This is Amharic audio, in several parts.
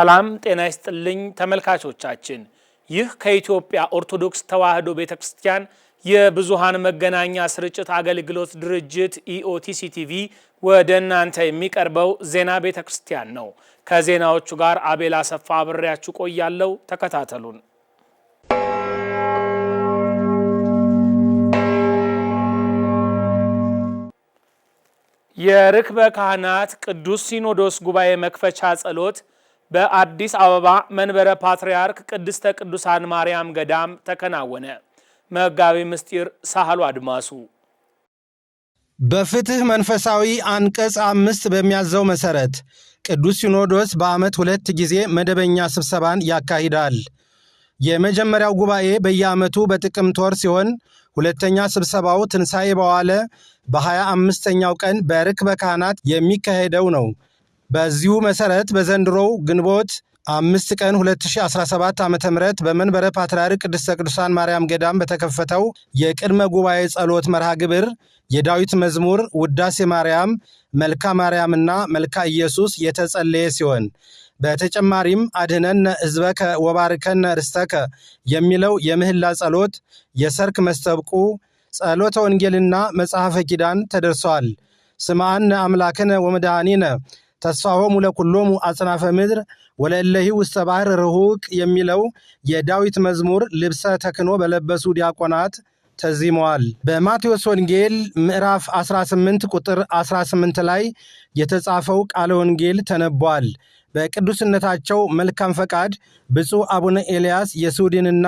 ሰላም ጤና ይስጥልኝ ተመልካቾቻችን። ይህ ከኢትዮጵያ ኦርቶዶክስ ተዋሕዶ ቤተ ክርስቲያን የብዙሃን መገናኛ ስርጭት አገልግሎት ድርጅት ኢኦቲሲ ቲቪ ወደ እናንተ የሚቀርበው ዜና ቤተ ክርስቲያን ነው። ከዜናዎቹ ጋር አቤል አሰፋ አብሬያችሁ ቆያለሁ። ተከታተሉን። የርክበ ካህናት ቅዱስ ሲኖዶስ ጉባኤ መክፈቻ ጸሎት በአዲስ አበባ መንበረ ፓትርያርክ ቅድስተ ቅዱሳን ማርያም ገዳም ተከናወነ። መጋቢ ምስጢር ሳህሉ አድማሱ በፍትህ መንፈሳዊ አንቀጽ አምስት በሚያዘው መሠረት ቅዱስ ሲኖዶስ በዓመት ሁለት ጊዜ መደበኛ ስብሰባን ያካሂዳል። የመጀመሪያው ጉባኤ በየዓመቱ በጥቅምት ወር ሲሆን ሁለተኛ ስብሰባው ትንሣኤ በዋለ በ25ኛው ቀን በርክበ ካህናት የሚካሄደው ነው። በዚሁ መሰረት በዘንድሮው ግንቦት አምስት ቀን 2017 ዓ ም በመንበረ ፓትርያርክ ቅድስተ ቅዱሳን ማርያም ገዳም በተከፈተው የቅድመ ጉባኤ ጸሎት መርሃ ግብር የዳዊት መዝሙር ውዳሴ ማርያም፣ መልካ ማርያምና መልካ ኢየሱስ የተጸለየ ሲሆን በተጨማሪም አድህነነ ሕዝበከ ወባርከነ ርስተከ የሚለው የምህላ ጸሎት፣ የሰርክ መስተብቁ፣ ጸሎተ ወንጌልና መጽሐፈ ኪዳን ተደርሰዋል። ስምዐነ አምላክነ ወመድኃኒነ ተስፋሆሙ ለኩሎሙ አጽናፈ ምድር ወለለሂ ውስተ ባህር ርሁቅ የሚለው የዳዊት መዝሙር ልብሰ ተክኖ በለበሱ ዲያቆናት ተዚመዋል። በማቴዎስ ወንጌል ምዕራፍ 18 ቁጥር 18 ላይ የተጻፈው ቃለ ወንጌል ተነቧል። በቅዱስነታቸው መልካም ፈቃድ ብፁዕ አቡነ ኤልያስ የስዊድንና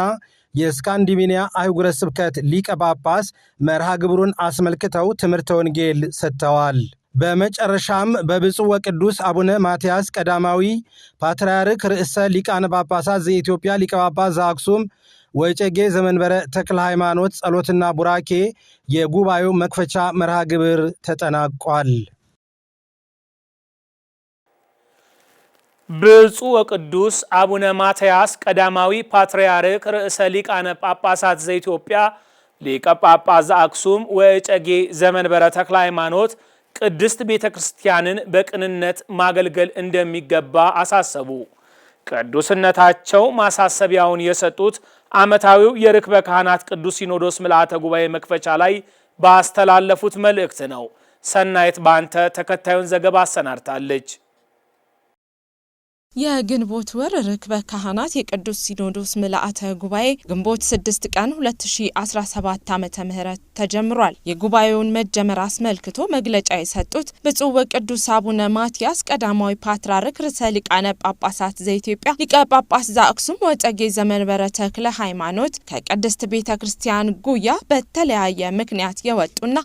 የስካንዲኔቪያ አህጉረ ስብከት ሊቀ ጳጳስ መርሃ ግብሩን አስመልክተው ትምህርተ ወንጌል ሰጥተዋል። በመጨረሻም በብፁዕ ወቅዱስ አቡነ ማትያስ ቀዳማዊ ፓትርያርክ ርዕሰ ሊቃነ ጳጳሳት ዘኢትዮጵያ ሊቀ ጳጳስ ዘአክሱም ወጨጌ ዘመንበረ ተክለ ሃይማኖት ጸሎትና ቡራኬ የጉባኤው መክፈቻ መርሃ ግብር ተጠናቋል። ብፁዕ ወቅዱስ አቡነ ማትያስ ቀዳማዊ ፓትርያርክ ርዕሰ ሊቃነ ጳጳሳት ዘኢትዮጵያ ሊቀ ጳጳስ ዘአክሱም ወጨጌ ዘመንበረ ተክለ ሃይማኖት ቅድስት ቤተ ክርስቲያንን በቅንነት ማገልገል እንደሚገባ አሳሰቡ። ቅዱስነታቸው ማሳሰቢያውን የሰጡት ዓመታዊው የርክበ ካህናት ቅዱስ ሲኖዶስ ምልአተ ጉባኤ መክፈቻ ላይ ባስተላለፉት መልእክት ነው። ሰናይት ባንተ ተከታዩን ዘገባ አሰናድታለች። የግንቦት ወር ርክበ ካህናት የቅዱስ ሲኖዶስ ምልአተ ጉባኤ ግንቦት 6 ቀን 2017 ዓ ም ተጀምሯል። የጉባኤውን መጀመር አስመልክቶ መግለጫ የሰጡት ብፁዕ ወቅዱስ አቡነ ማትያስ ቀዳማዊ ፓትርያርክ ርዕሰ ሊቃነ ጳጳሳት ዘኢትዮጵያ ሊቀ ጳጳስ ዘአክሱም ዘመን ዘመንበረ ተክለ ሃይማኖት ከቅድስት ቤተ ክርስቲያን ጉያ በተለያየ ምክንያት የወጡና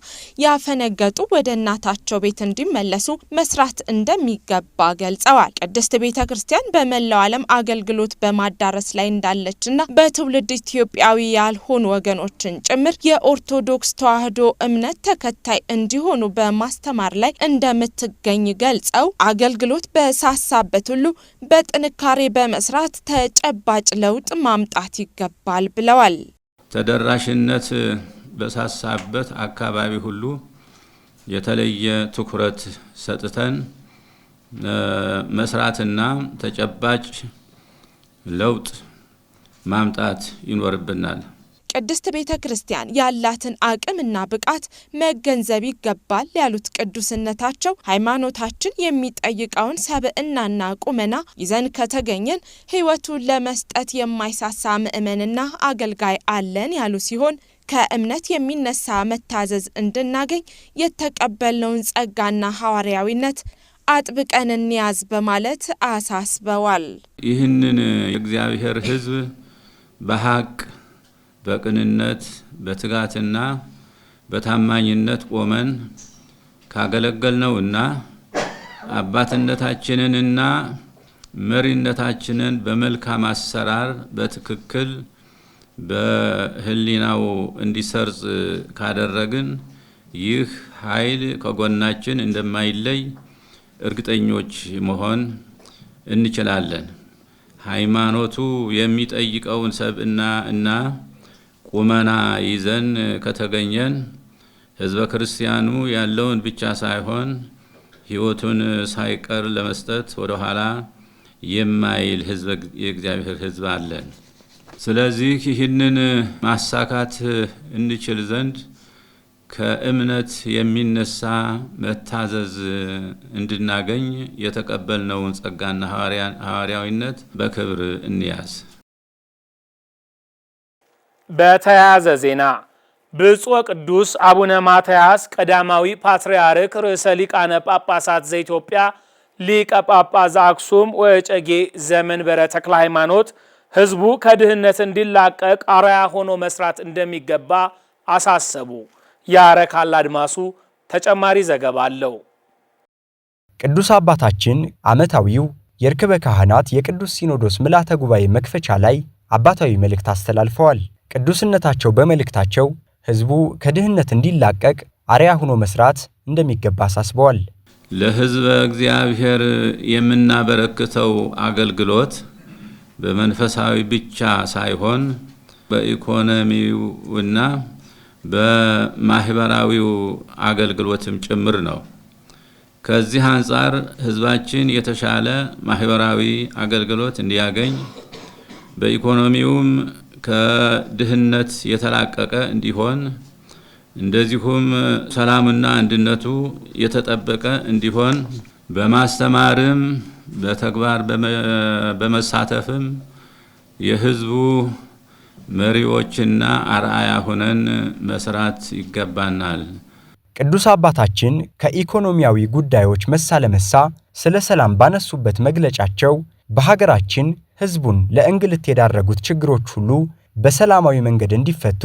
ያፈነገጡ ወደ እናታቸው ቤት እንዲመለሱ መስራት እንደሚገባ ገልጸዋል። ቅድስት ቤተ ክርስቲያን በመላው ዓለም አገልግሎት በማዳረስ ላይ እንዳለችና በትውልድ ኢትዮጵያዊ ያልሆኑ ወገኖችን ጭምር የኦርቶዶክስ ተዋሕዶ እምነት ተከታይ እንዲሆኑ በማስተማር ላይ እንደምትገኝ ገልጸው አገልግሎት በሳሳበት ሁሉ በጥንካሬ በመስራት ተጨባጭ ለውጥ ማምጣት ይገባል ብለዋል። ተደራሽነት በሳሳበት አካባቢ ሁሉ የተለየ ትኩረት ሰጥተን መስራትና ተጨባጭ ለውጥ ማምጣት ይኖርብናል። ቅድስት ቤተ ክርስቲያን ያላትን አቅምና ብቃት መገንዘብ ይገባል ያሉት ቅዱስነታቸው ሃይማኖታችን የሚጠይቀውን ሰብዕናና ቁመና ይዘን ከተገኘን ሕይወቱን ለመስጠት የማይሳሳ ምዕመንና አገልጋይ አለን ያሉ ሲሆን ከእምነት የሚነሳ መታዘዝ እንድናገኝ የተቀበልነውን ጸጋና ሐዋርያዊነት አጥብቀን እንያዝ በማለት አሳስበዋል። ይህንን የእግዚአብሔር ሕዝብ በሀቅ በቅንነት በትጋትና በታማኝነት ቆመን ካገለገልነውና አባትነታችንንና መሪነታችንን በመልካም አሰራር በትክክል በህሊናው እንዲሰርጽ ካደረግን ይህ ኃይል ከጎናችን እንደማይለይ እርግጠኞች መሆን እንችላለን። ሃይማኖቱ የሚጠይቀውን ሰብእና እና ቁመና ይዘን ከተገኘን ህዝበ ክርስቲያኑ ያለውን ብቻ ሳይሆን ህይወቱን ሳይቀር ለመስጠት ወደ ኋላ የማይል የእግዚአብሔር ህዝብ አለን። ስለዚህ ይህንን ማሳካት እንችል ዘንድ ከእምነት የሚነሳ መታዘዝ እንድናገኝ የተቀበልነውን ጸጋና ሐዋርያዊነት በክብር እንያዝ። በተያያዘ ዜና ብፁዕ ቅዱስ አቡነ ማትያስ ቀዳማዊ ፓትርያርክ ርዕሰ ሊቃነ ጳጳሳት ዘኢትዮጵያ ሊቀ ጳጳስ አክሱም ወዕጨጌ ዘመንበረ ተክለ ሃይማኖት ሕዝቡ ከድህነት እንዲላቀቅ አርአያ ሆኖ መስራት እንደሚገባ አሳሰቡ። ያረካል አድማሱ ተጨማሪ ዘገባ አለው። ቅዱስ አባታችን ዓመታዊው የርክበ ካህናት የቅዱስ ሲኖዶስ ምልዓተ ጉባኤ መክፈቻ ላይ አባታዊ መልእክት አስተላልፈዋል። ቅዱስነታቸው በመልእክታቸው ሕዝቡ ከድህነት እንዲላቀቅ አርያ ሆኖ መስራት እንደሚገባ አሳስበዋል። ለሕዝበ እግዚአብሔር የምናበረክተው አገልግሎት በመንፈሳዊ ብቻ ሳይሆን በኢኮኖሚውና በማህበራዊው አገልግሎትም ጭምር ነው። ከዚህ አንጻር ህዝባችን የተሻለ ማህበራዊ አገልግሎት እንዲያገኝ በኢኮኖሚውም ከድህነት የተላቀቀ እንዲሆን እንደዚሁም ሰላምና አንድነቱ የተጠበቀ እንዲሆን በማስተማርም በተግባር በመሳተፍም የህዝቡ መሪዎችና አርአያ ሆነን መስራት ይገባናል። ቅዱስ አባታችን ከኢኮኖሚያዊ ጉዳዮች መሳ ለመሳ ስለ ሰላም ባነሱበት መግለጫቸው በሀገራችን ሕዝቡን ለእንግልት የዳረጉት ችግሮች ሁሉ በሰላማዊ መንገድ እንዲፈቱ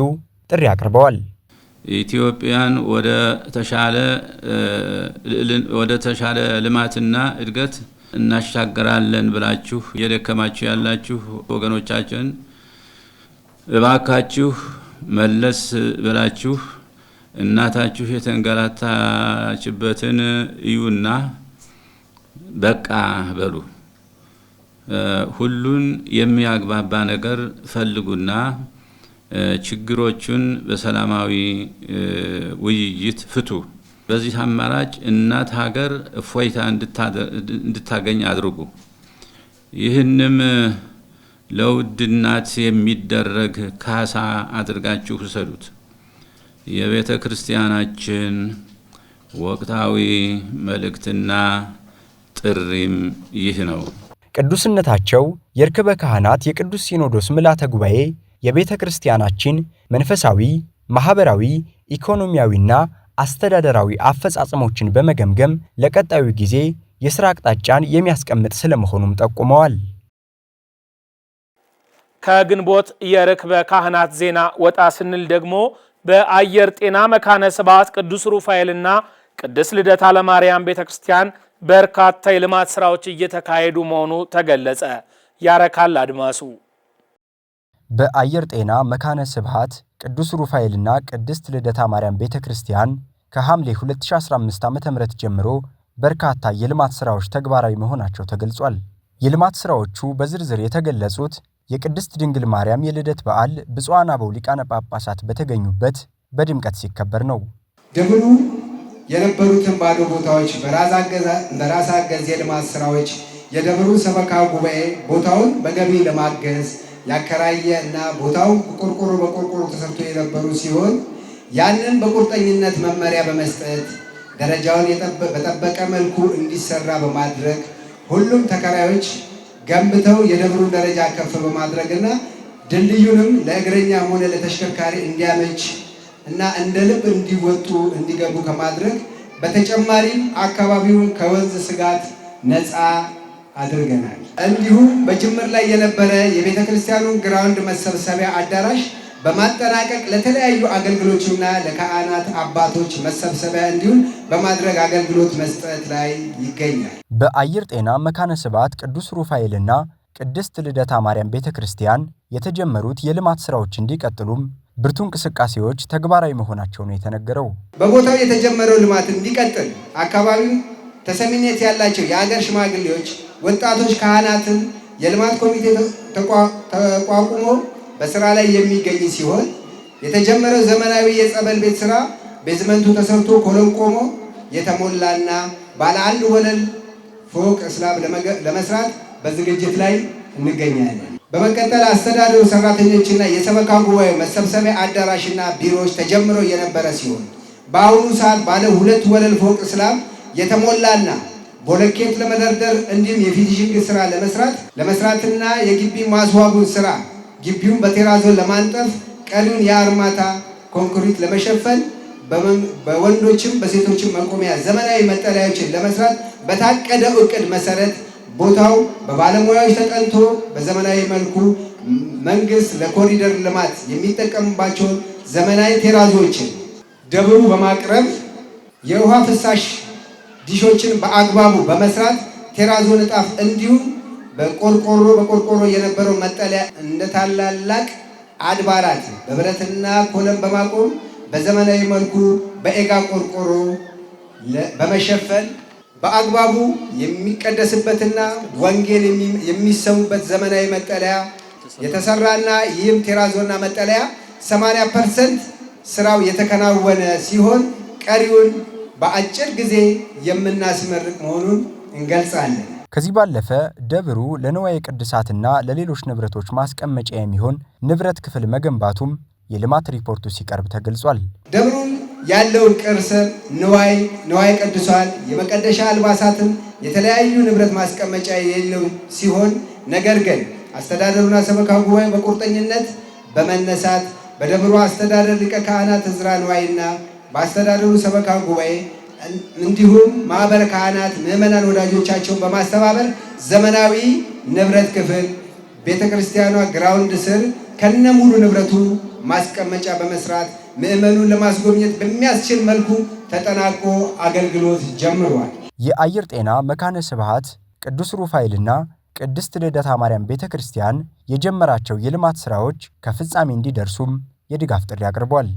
ጥሪ አቅርበዋል። ኢትዮጵያን ወደ ተሻለ ልማትና እድገት እናሻገራለን ብላችሁ እየደከማችሁ ያላችሁ ወገኖቻችን እባካችሁ መለስ ብላችሁ እናታችሁ የተንገላታችበትን እዩና በቃ በሉ። ሁሉን የሚያግባባ ነገር ፈልጉና ችግሮቹን በሰላማዊ ውይይት ፍቱ። በዚህ አማራጭ እናት ሀገር እፎይታ እንድታገኝ አድርጉ። ይህንም ለውድ እናት የሚደረግ ካሳ አድርጋችሁ ውሰዱት። የቤተ ክርስቲያናችን ወቅታዊ መልእክትና ጥሪም ይህ ነው። ቅዱስነታቸው የርክበ ካህናት የቅዱስ ሲኖዶስ ምልዓተ ጉባኤ የቤተ ክርስቲያናችን መንፈሳዊ፣ ማኅበራዊ፣ ኢኮኖሚያዊና አስተዳደራዊ አፈጻጸሞችን በመገምገም ለቀጣዩ ጊዜ የሥራ አቅጣጫን የሚያስቀምጥ ስለመሆኑም ጠቁመዋል። ከግንቦት የርክበ ካህናት ዜና ወጣ ስንል ደግሞ በአየር ጤና መካነ ስብሐት ቅዱስ ሩፋኤልና ቅድስት ልደታ ለማርያም ቤተ ክርስቲያን በርካታ የልማት ስራዎች እየተካሄዱ መሆኑ ተገለጸ። ያረካል አድማሱ በአየር ጤና መካነ ስብሐት ቅዱስ ሩፋኤልና ቅድስት ልደታ ማርያም ቤተ ክርስቲያን ከሐምሌ 2015 ዓ.ም ጀምሮ በርካታ የልማት ስራዎች ተግባራዊ መሆናቸው ተገልጿል። የልማት ስራዎቹ በዝርዝር የተገለጹት የቅድስት ድንግል ማርያም የልደት በዓል ብፁዓን አበው ሊቃነ ጳጳሳት በተገኙበት በድምቀት ሲከበር ነው። ደብሩ የነበሩትን ባዶ ቦታዎች በራስ አገዝ የልማት ስራዎች የደብሩ ሰበካ ጉባኤ ቦታውን በገቢ ለማገዝ ያከራየ እና ቦታው ቆርቆሮ በቆርቆሮ ተሰርቶ የነበሩ ሲሆን ያንን በቁርጠኝነት መመሪያ በመስጠት ደረጃውን በጠበቀ መልኩ እንዲሰራ በማድረግ ሁሉም ተከራዮች ገንብተው የደብሩን ደረጃ ከፍ በማድረግና ድልድዩንም ለእግረኛም ሆነ ለተሽከርካሪ እንዲያመች እና እንደ ልብ እንዲወጡ እንዲገቡ ከማድረግ በተጨማሪም አካባቢውን ከወንዝ ስጋት ነፃ አድርገናል። እንዲሁም በጅምር ላይ የነበረ የቤተ ክርስቲያኑን ግራውንድ መሰብሰቢያ አዳራሽ በማጠናቀቅ ለተለያዩ አገልግሎቶችና ለካህናት አባቶች መሰብሰቢያ እንዲሁም በማድረግ አገልግሎት መስጠት ላይ ይገኛል። በአየር ጤና መካነ ስብዓት ቅዱስ ሩፋኤልና ቅድስት ልደታ ማርያም ቤተ ክርስቲያን የተጀመሩት የልማት ስራዎች እንዲቀጥሉም ብርቱ እንቅስቃሴዎች ተግባራዊ መሆናቸው ነው የተነገረው። በቦታው የተጀመረው ልማት እንዲቀጥል አካባቢው ተሰሚነት ያላቸው የአገር ሽማግሌዎች፣ ወጣቶች፣ ካህናትን የልማት ኮሚቴ ተቋቁሞ በስራ ላይ የሚገኝ ሲሆን የተጀመረው ዘመናዊ የጸበል ቤት ስራ ቤዝመንቱ ተሰርቶ ኮለንቆሞ የተሞላና ባለ አንድ ወለል ፎቅ እስላብ ለመስራት በዝግጅት ላይ እንገኛለን። በመቀጠል አስተዳደሩ ሰራተኞችና የሰበካ ጉባኤ መሰብሰቢያ አዳራሽና ቢሮዎች ተጀምረው የነበረ ሲሆን በአሁኑ ሰዓት ባለ ሁለት ወለል ፎቅ እስላብ የተሞላና ቦለኬት ለመደርደር እንዲሁም የፊኒሽንግ ስራ ለመስራት ለመስራትና የግቢ ማስዋቡን ስራ ግቢውን በቴራዞን ለማንጠፍ ቀሪውን የአርማታ ኮንክሪት ለመሸፈን በወንዶችም በሴቶችም መቆሚያ ዘመናዊ መጠለያዎችን ለመስራት በታቀደ እቅድ መሰረት ቦታው በባለሙያዎች ተጠንቶ በዘመናዊ መልኩ መንግስት ለኮሪደር ልማት የሚጠቀምባቸውን ዘመናዊ ቴራዞችን ደብሩ በማቅረብ የውሃ ፍሳሽ ዲሾችን በአግባቡ በመስራት ቴራዞ ንጣፍ እንዲሁም በቆርቆሮ በቆርቆሮ የነበረው መጠለያ እንደ ታላላቅ አድባራት በብረትና ኮለም በማቆም በዘመናዊ መልኩ በኤጋ ቆርቆሮ በመሸፈን በአግባቡ የሚቀደስበትና ወንጌል የሚሰሙበት ዘመናዊ መጠለያ የተሰራና ይህም ቴራዞና መጠለያ 80 ፐርሰንት ስራው የተከናወነ ሲሆን ቀሪውን በአጭር ጊዜ የምናስመርቅ መሆኑን እንገልጻለን። ከዚህ ባለፈ ደብሩ ለንዋየ ቅድሳትና ለሌሎች ንብረቶች ማስቀመጫ የሚሆን ንብረት ክፍል መገንባቱም የልማት ሪፖርቱ ሲቀርብ ተገልጿል። ደብሩን ያለውን ቅርስ ንዋይ ንዋይ ቀድሷል የመቀደሻ አልባሳትን፣ የተለያዩ ንብረት ማስቀመጫ የሌለው ሲሆን ነገር ግን አስተዳደሩና ሰበካ ጉባኤ በቁርጠኝነት በመነሳት በደብሩ አስተዳደር ሊቀ ካህናት ዕዝራ ንዋይና በአስተዳደሩ ሰበካ ጉባኤ እንዲሁም ማህበረ ካህናት ምዕመናን ወዳጆቻቸውን በማስተባበር ዘመናዊ ንብረት ክፍል ቤተ ክርስቲያኗ ግራውንድ ስር ከነ ሙሉ ንብረቱ ማስቀመጫ በመስራት ምዕመኑን ለማስጎብኘት በሚያስችል መልኩ ተጠናቆ አገልግሎት ጀምሯል። የአየር ጤና መካነ ስብሃት ቅዱስ ሩፋኤልና ቅድስት ልደታ ማርያም ቤተ ክርስቲያን የጀመራቸው የልማት ስራዎች ከፍጻሜ እንዲደርሱም የድጋፍ ጥሪ አቅርቧል።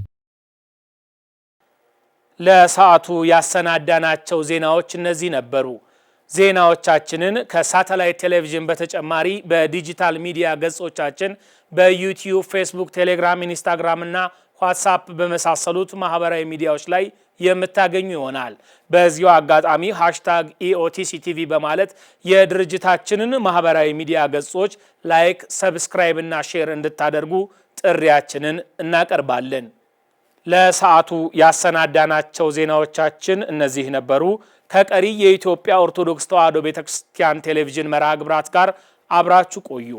ለሰዓቱ ያሰናዳናቸው ዜናዎች እነዚህ ነበሩ። ዜናዎቻችንን ከሳተላይት ቴሌቪዥን በተጨማሪ በዲጂታል ሚዲያ ገጾቻችን በዩቲዩብ፣ ፌስቡክ፣ ቴሌግራም፣ ኢንስታግራም እና ዋትሳፕ በመሳሰሉት ማህበራዊ ሚዲያዎች ላይ የምታገኙ ይሆናል። በዚሁ አጋጣሚ ሃሽታግ ኢኦቲሲ ቲቪ በማለት የድርጅታችንን ማህበራዊ ሚዲያ ገጾች ላይክ፣ ሰብስክራይብ እና ሼር እንድታደርጉ ጥሪያችንን እናቀርባለን። ለሰዓቱ ያሰናዳናቸው ዜናዎቻችን እነዚህ ነበሩ። ከቀሪ የኢትዮጵያ ኦርቶዶክስ ተዋሕዶ ቤተክርስቲያን ቴሌቪዥን መርሃ ግብራት ጋር አብራችሁ ቆዩ።